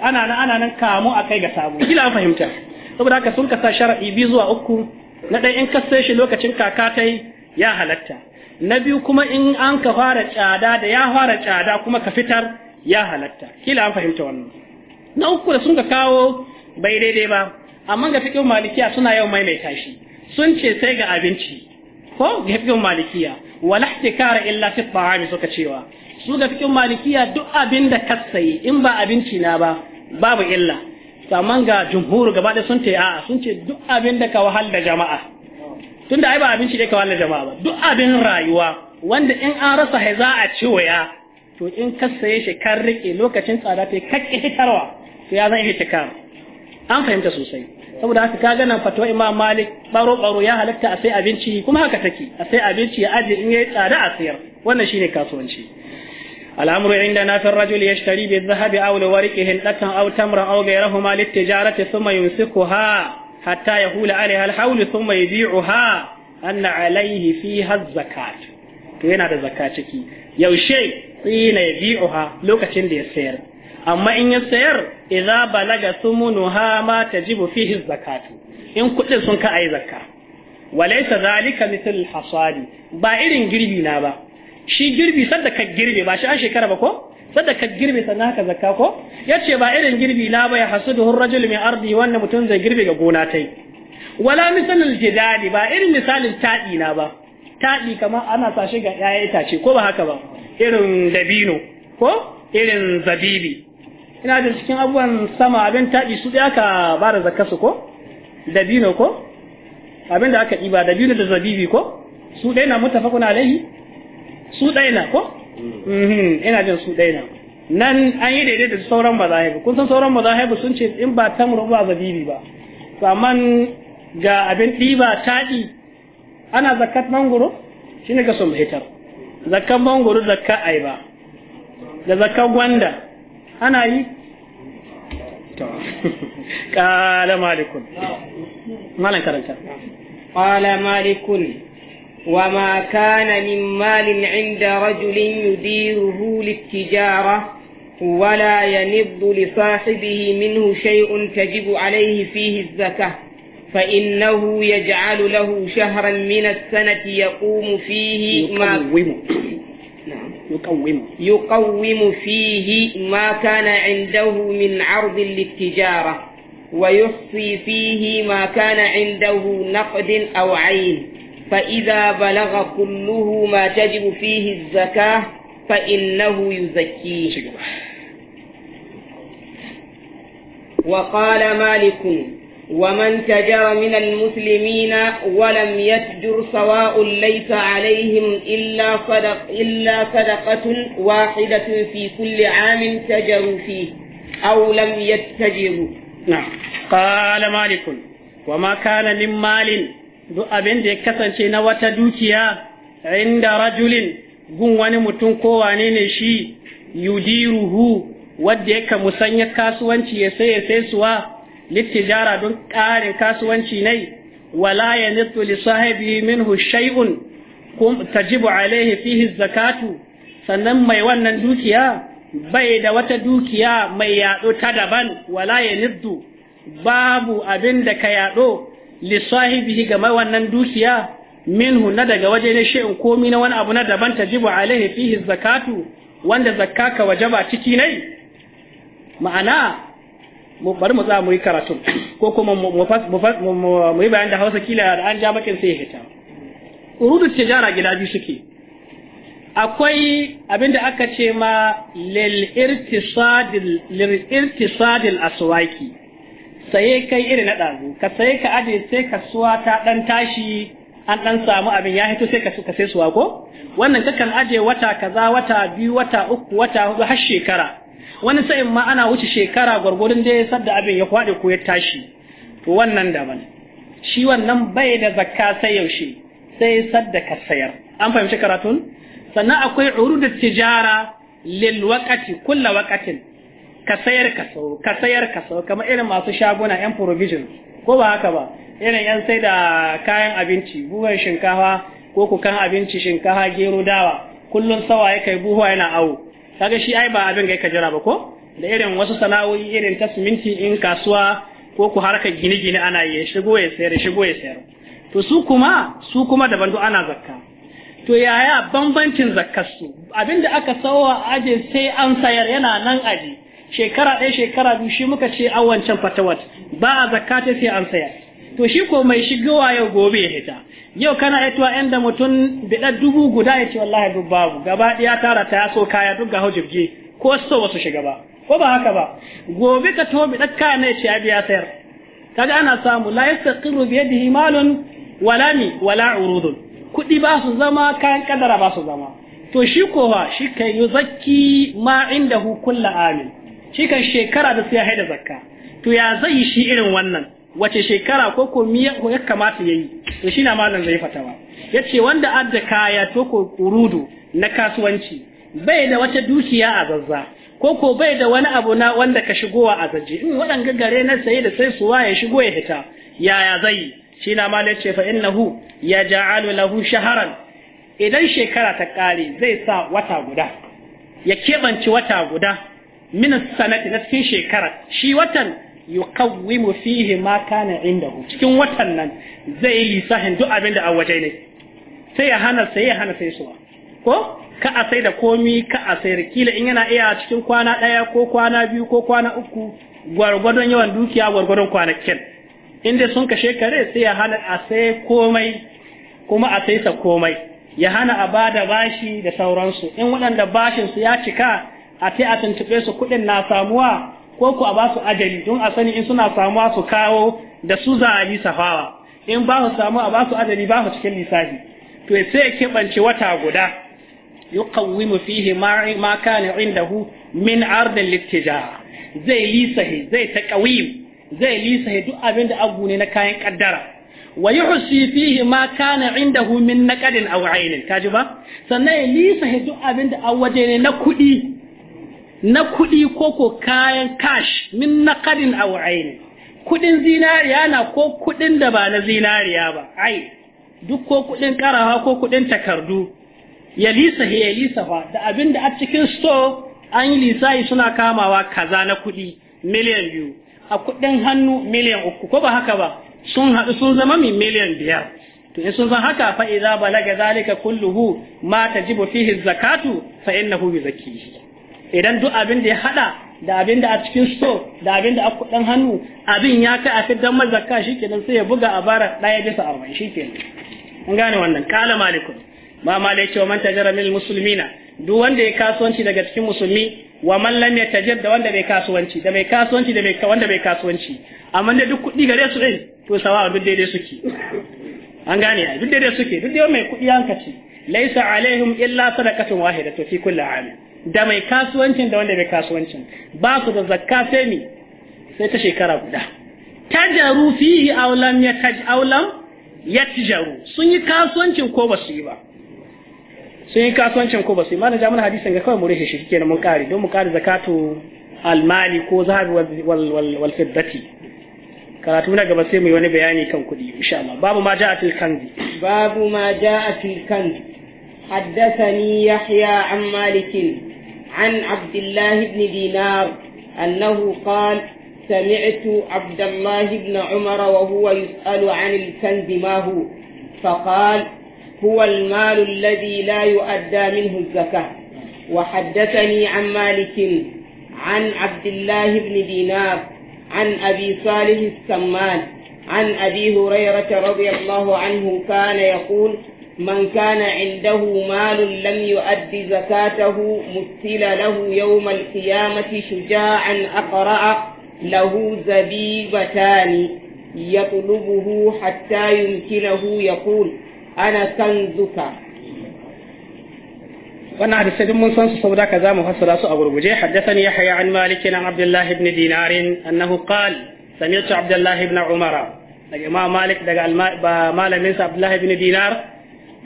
ana nan ana nan kamo a kai ga sabo kila fahimta saboda haka sun kasa sharaɗi biyu zuwa uku na ɗaya in ka sai shi lokacin kaka yi ya halatta na biyu kuma in an ka fara tsada da ya fara tsada kuma ka fitar ya halatta kila an fahimta wannan na uku da sun ka kawo bai daidai ba amma ga fikin malikiya suna yau maimaita shi sun ce sai ga abinci ko ga fikin malikiya wala ihtikara illa fi ta'ami suka cewa su ga fikin malikiya duk abin da ka sayi in ba abinci na ba babu illa saman ga jumhur gaba da sun ce a'a sun ce duk abin da ka wahal da jama'a tunda ai ba abinci da ka wannan jama'a ba duk abin rayuwa wanda in an rasa hai za a ci waya to in ka saye shi kan rike lokacin tsada ta kakke fitarwa to ya zan yi tikar an fahimta sosai saboda haka ka ga nan fatwa imam malik baro baro ya halatta a sai abinci kuma haka take a sai abinci ya aje in yayi tsada a sayar wannan shine kasuwanci inda na الأمر عندنا في الرجل يشتري بالذهب أو لورقه نقة أو تمر أو غيرهما للتجارة ثم يمسكها hatta ya hula alaiha alhaulu sun mai bi'uha anna alaihi fi zakat to yana da zakka ciki yaushe tsina ya bi'uha lokacin da ya sayar amma in ya sayar idza balaga sumunuha ma tajibu fihi zakatu in kudin sun ka ayi zakka walaysa zalika mithl hasadi ba irin girbi na ba shi girbi sadda ka girbi. ba shi an shekara ba ko sadda ka girbe sannan haka zakka ko yace ba irin girbi la bai hasudu rajul min ardi wannan mutun zai girbe ga gona tai wala misalul jidali ba irin misalin taɗi na ba taɗi kamar ana sa shi ga ƴaƴa itace ko ba haka ba irin dabino ko irin zabibi ina da cikin abubuwan sama abin taɗi su ɗaya ka ba da zakka su ko dabino ko abin da aka diba dabino da zabibi ko su dai na mutafakuna alaihi su dai na ko Mhm, ina jin su ɗaya nan an yi daidai da sauran mazahibu kun san sauran mazahibu sun ce in ba murabba ba zabibi ba to amma ga abin ɗiba taɗi ana zakat mangoro shi ne ka sun hitar zakat mangoro zakat aiba da zakat gwanda ana yi (laughs) ƙala malikun malan karanta ƙala malikun وما كان من مال عند رجل يديره للتجارة ولا ينض لصاحبه منه شيء تجب عليه فيه الزكاة فإنه يجعل له شهرا من السنة يقوم فيه يقوم نعم. يقوم يقوم فيه ما كان عنده من عرض للتجارة ويحصي فيه ما كان عنده نقد أو عين فإذا بلغ كله ما تجب فيه الزكاة فإنه يزكيه وقال مالك ومن تجر من المسلمين ولم يتجر سواء ليس عليهم إلا, صدق إلا صدقة واحدة في كل عام تجروا فيه أو لم يتجروا نعم قال مالك وما كان من مال duk abin da ya kasance na wata dukiya inda rajulin gun wani mutum ko wane ne shi yudiruhu wadda yaka musanya kasuwanci ya sai ya sai suwa littijara don ƙarin kasuwanci ne wala ya nitsu li sahibi minhu shay'un kum tajibu alaihi fihi zakatu sannan mai wannan dukiya bai da wata dukiya mai yaɗo ta daban wala ya nitsu babu abin da ka yaɗo li sahibihi ga wannan dukiya minhu na daga waje ne in komi na wani abu na daban tajibu alaihi fihi zakatu wanda zakka ka wajaba ciki ne ma'ana mu bari mu za mu yi karatu ko kuma mu yi bayan da Hausa kila da an ja bakin sai ya hita urudu tijara gida biyu suke akwai abinda aka ce ma lil irtisadil lil irtisadil aswaki saye kai irin na ɗazu ka saye ka aje sai kasuwa ta ɗan tashi an ɗan samu abin ya hito sai ka suka sai suwa ko wannan kakan aje wata kaza wata biyu wata uku wata hudu har shekara wani sa'in ma ana wuce shekara gwargwadon da ya sadda abin ya kwaɗe ko ya tashi to wannan daban shi wannan bai da zakka sai yaushe sai sadda ka sayar an fahimci karatun sannan akwai urudut tijara lil wakati, kulle wakatin. ka sayar ka sau ka sayar ka sau kamar irin masu shaguna yan provision ko ba haka ba irin yan sai da kayan abinci buhun shinkafa ko ku kan abinci shinkafa gero dawa kullum sawa ya kai buhuwa yana awo kaga shi ai ba abin ga ka jira ba ko da irin wasu sana'o'i irin ta siminti in kasuwa ko ku harkar gine-gine ana yi shigo ya sayar shigo ya sayar to su kuma su kuma daban do ana zakka to yaya bambancin zakkar su abinda aka sawa aje sai an sayar yana nan aji. shekara ɗaya shekara biyu shi muka ce an wancan fatawat ba a zakata sai an saya to shi ko mai shigowa yau gobe ya hita yau kana aitowa yan da mutum biɗa dubu guda ya ce wallahi duk babu gaba ɗaya tara ta so kaya duk ga hujjibje ko so wasu shiga ba ko ba haka ba gobe ka to biɗa kaya ne ce ya biya sayar kaga ana samu la yastaqiru bi yadihi malun wala mi wala urudun kuɗi ba su zama kayan kadara ba su zama to shi kowa shi kai yuzakki ma inda kullu amin shi shekara da sai ya haida zakka to ya zai shi irin wannan wace shekara ko ko ya kamata yayi to shi na malam zai fatawa yace wanda adda kaya to ko urudu na kasuwanci bai da wata dukiya a zazza ko ko bai da wani abu na wanda ka shigowa a zaje in waɗanga gare na saye da sai suwa ya shigo ya hita yaya zai shi na malam yace fa innahu ya ja'alu lahu shaharan idan shekara ta kare zai sa wata guda ya keɓance wata guda min sanati na cikin shekara shi watan yuqawwimu fihi ma kana indahu cikin watan nan zai yi lisahin duk abin da a waje ne sai ya hana sai ya hana sai suwa ko ka a sai da komi ka a sai rikila in yana iya cikin kwana ɗaya ko kwana biyu ko kwana uku gwargwadon yawan dukiya gwargwadon kwanakin inda sun kashe kare sai ya hana a sai komai kuma a sai sa komai ya hana a bada bashi da sauransu in waɗanda bashin su ya cika a ce a tuntuɓe su kuɗin na samuwa ko ku a ba su ajali don a sani in suna samuwa su kawo da su za a yi safawa in ba su samu a ba su ajali ba su cikin lissafi to sai ya keɓance wata guda yuqawwimu fihi ma kana indahu min ardin littijara zai lisahi zai taqawim zai lisahi duk abin da abu ne na kayan kaddara wa yuhsi fihi ma kana indahu min naqadin aw ainin kaji ba sannan ya lisahi duk abin da awaje ne na kuɗi na kuɗi ko ko kayan cash min na naqadin a ainin kuɗin zinariya na ko kuɗin da ba na zinariya ba ai duk ko kuɗin ƙarawa ko kuɗin takardu ya lisa ya lisa ba da abin da a cikin store an yi lisayi suna kamawa kaza na kuɗi miliyan biyu a kuɗin hannu miliyan uku ko ba haka ba sun haɗu sun zama min miliyan biyar to in sun san haka fa idza balaga zalika kulluhu ma tajibu fihi zakatu fa innahu yuzakkihi idan duk abin da ya hada da abin da a cikin so da abin da a kudin hannu abin ya kai a shi ke shikenan sai ya buga a bara daya bisa arba'in shikenan an gane wannan kala malikun ma malai wa man tajara min muslimina duk wanda ya kasuwanci daga cikin musulmi wa man lam yatajir da wanda bai kasuwanci da mai kasuwanci da mai wanda bai kasuwanci amma da duk kudi gare su din to sawa duk daidai suke an gane duk daidai suke duk dai mai kudi an kace laisa alaihim illa sadaqatun wahidatu fi kulli amin da mai kasuwancin da wanda bai kasuwancin ba su da zakka sai ni sai ta shekara guda tajaru fihi aw lam yataj aw lam yatjaru sun yi kasuwancin ko ba su yi ba sun yi kasuwancin ko ba su yi malam jami'an hadisin ga kawai mu rufe shi kenan mun kare don mu kare zakatu almali ko zahabi wal wal wal fiddati karatu na gaba sai mu yi wani bayani kan kuɗi insha Allah babu ma ja'a fil kanzi babu ma ja'a fil kanzi حدثني يحيى عن مالك عن عبد الله بن دينار أنه قال سمعت عبد الله بن عمر وهو يسأل عن الكنز ما هو فقال هو المال الذي لا يؤدى منه الزكاة وحدثني عن مالك عن عبد الله بن دينار عن أبي صالح السمان عن أبي هريرة رضي الله عنه كان يقول من كان عنده مال لم يؤد زكاته مثل له يوم القيامة شجاعا أقرأ له زبيبتان يطلبه حتى يمكنه يقول أنا كنزك وانا عدد سيد من صنص صودا كذا مفسر أبو ربجي حدثني يحيى عن مالك عن عبد الله بن دينار أنه قال سمعت عبد الله بن عمر إمام مالك دقال مالك عبد الله بن دينار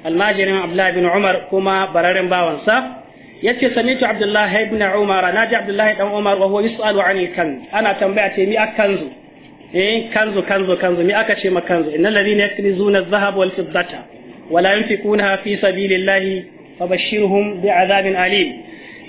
almajirin abdullahi bin umar kuma bararin bawansa yace samitu abdullahi ibn umar ji abdullahi dan umar wa huwa yusalu an kan ana tambaya ce mi akanzu eh kanzu kanzu kanzu mi aka ce ma kanzu innal ladina yaknizuna adh-dhahab wal fiddata wa la yunfiqunaha fi sabilillahi fabashshirhum bi'adhabin alim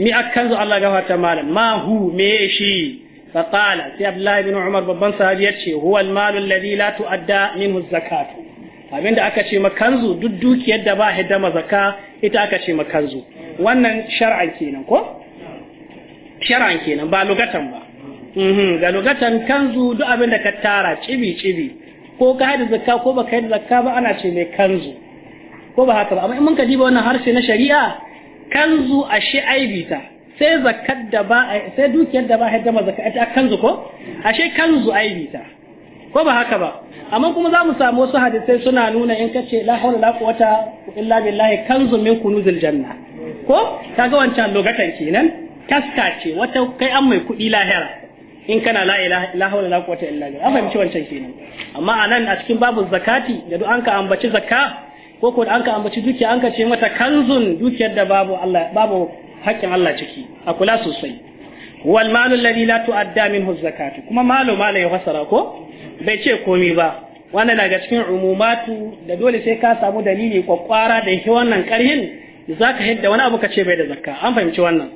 mi akanzu Allah gafarta malam ma hu me shi fa qala sai abdullahi ibn umar babban sahabi yace huwa al-malu la tu'adda minhu az-zakatu abin da aka ce makanzu duk dukiyar da ba hidda mazaka ita aka ce makanzu wannan shar'an kenan ko shar'an kenan ba lugatan ba mhm, ga lugatan kanzu duk abin da ka tara cibi cibi ko ka haɗa zakka ko baka haɗa zakka ba ana ce mai kanzu ko ba haka ba amma in mun ka diba wannan harshe na shari'a kanzu a shi ta sai zakkar da ba sai dukiyar da ba hidda mazaka ita kanzu ko ashe kanzu ta ko ba haka ba amma kuma za mu samu wasu hadisai suna nuna in kace la hawla la quwwata illa billahi kanzun min kunuzil janna ko kaga wancan logatan kenan taska ce wata kai an mai kuɗi lahira in kana la ilaha illa hawla la quwwata illa billah an fahimci wancan kenan amma anan a cikin babu zakati da duk an ka ambaci zakka ko ko an ka ambaci dukiya an ka ce mata kanzun dukiyar da babu Allah babu haƙƙin Allah ciki a kula sosai wal malu alladhi la tu'adda minhu zakatu kuma malu malai ya fasara ko bai ce komi ba wannan na cikin umumatu da dole sai ka samu dalili kwakwara da yake wannan karhin zaka hidda wani abu kace bai da zaka an fahimci wannan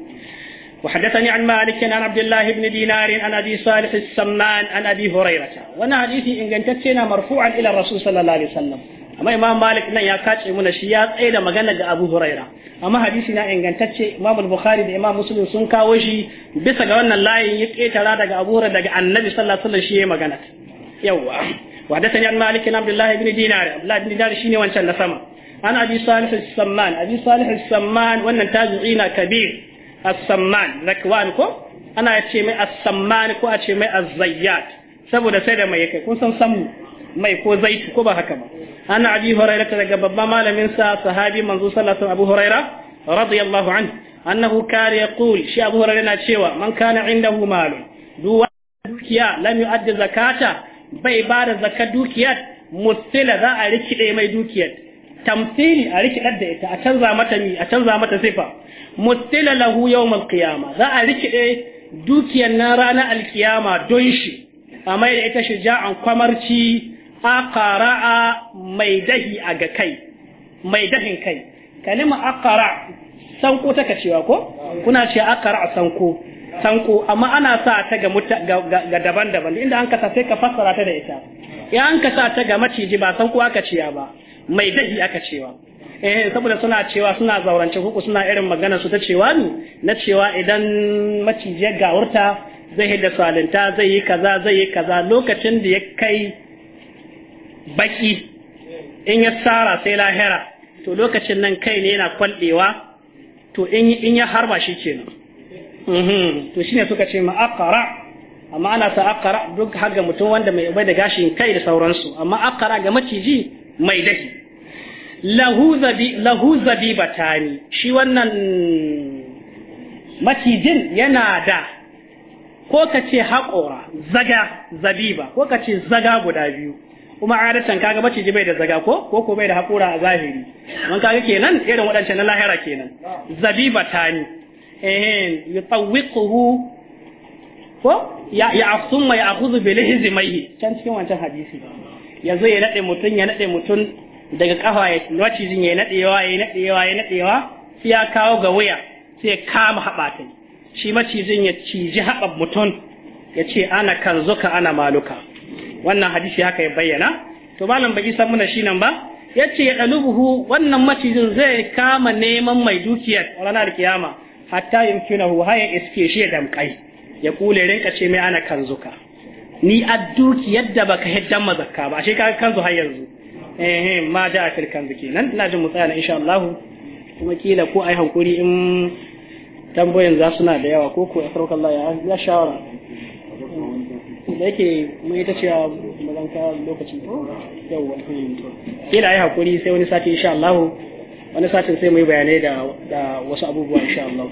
وحدثني عن مالك عن عبد الله بن دينار عن ابي صالح السمان عن ابي هريره وانا حديثي ان كنتنا مرفوعا الى الرسول صلى الله عليه وسلم amma imam malik nan ya kace muna shi ya tsaye da magana ga abu huraira amma hadisi na ingantacce imam bukhari da imam muslim sun kawo shi bisa ga wannan layin ya ketara daga abu huraira daga annabi sallallahu shi ya magana yawa wa da tani an malik ibn abdullah ibn dinar abdullah ibn dinar shine wancan na sama an abi salih as-samman abi salih as-samman wannan tabi'ina kabir as-samman zakwan ko ana ce mai as-samman ko a ce mai az-zayyat saboda sai da mai kai kun san samu mai ko zaitu ko ba haka ba ana abi hurairah daga babban malamin sa sahabi manzo sallallahu alaihi wasallam abu hurairah radiyallahu anhu annahu kana yaqul shi abu hurairah yana cewa man kana indahu mal dukiya lam yu'addi zakata bai ba da zakar dukiyar Musila za a rikide mai dukiyar tamsili a rikidar da ita a canza mata mi a canza mata sifa mustila lahu yawmal qiyama za a rikide dukiyar na ranar alkiyama don shi a mai da ita shija'an kwamarci a qara'a mai dahi a ga kai mai dahin kai kalima aqra sanko take cewa ko kuna ce a sanko sanko amma ana sa ta ga ga daban-daban inda an kasa sai ka fassara ta da ita ya an kasa ta ga maciji ba sanko aka ciya ba mai dahi aka cewa eh saboda suna cewa suna zaurance huku suna irin magana su ta cewa ni na cewa idan maciji ya gawurta zai hidda salinta zai yi kaza zai yi kaza lokacin da ya kai baki in ya tsara sai lahira to lokacin nan kai ne yana kwallewa to in ya harba shi kenan to shine suka ce ma aqra amma ana sa aqra duk har ga mutum wanda mai bai da gashin kai da sauransu amma aqra ga maciji mai dahi lahu zabi lahu batani shi wannan macijin yana da ko ka ce haƙora zaga zabiba ko ka ce zaga guda biyu kuma adatan kaga maciji bai da zaga ko ko ko bai da haƙora a zahiri don kaga kenan irin waɗancan na lahira kenan zabiba tani eh yutawwiquhu ko ya ya summa ya akhudhu bi lihzimaihi kan cikin wancan hadisi yazo ya nade mutun ya nade mutun daga kafa ya wace jin ya yawa ya yawa ya yawa sai ya kawo ga waya sai ya kama haɓata shi macijin ya ciji haɓar mutum ya ce ana kanzuka ana maluka wannan hadisi haka ya bayyana to malam bai san muna shi nan ba ya ya ɗalubuhu wannan macijin zai kama neman mai dukiyar ranar kiyama hatta yumkinahu hayan iske shi dan kai ya kule rinka ce mai ana ka?" ni adduki yadda baka hiddan mazakka ba ashe kaga kanzu har yanzu eh eh ma da akil kanzu kenan ina jin mutsaya na insha Allah kuma kila ko ai hankuri in tambayoyin za suna da yawa ko ko Allah ya ya shawara da yake mun ita cewa mazanka lokacin to yawa kila ai hankuri sai wani sati insha Allah wani satin sai mu yi bayanai da wasu abubuwa insha Allah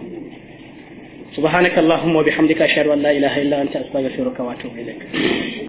subhanakallahumma wa bihamdika ashhadu an la ilaha illa anta astaghfiruka wa atubu ilaik